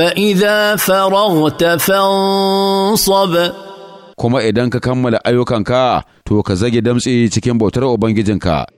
فإذا فرغت فانصب kuma idan ka kammala ayyukanka to ka zagi damtse cikin bautar Ubangijinka.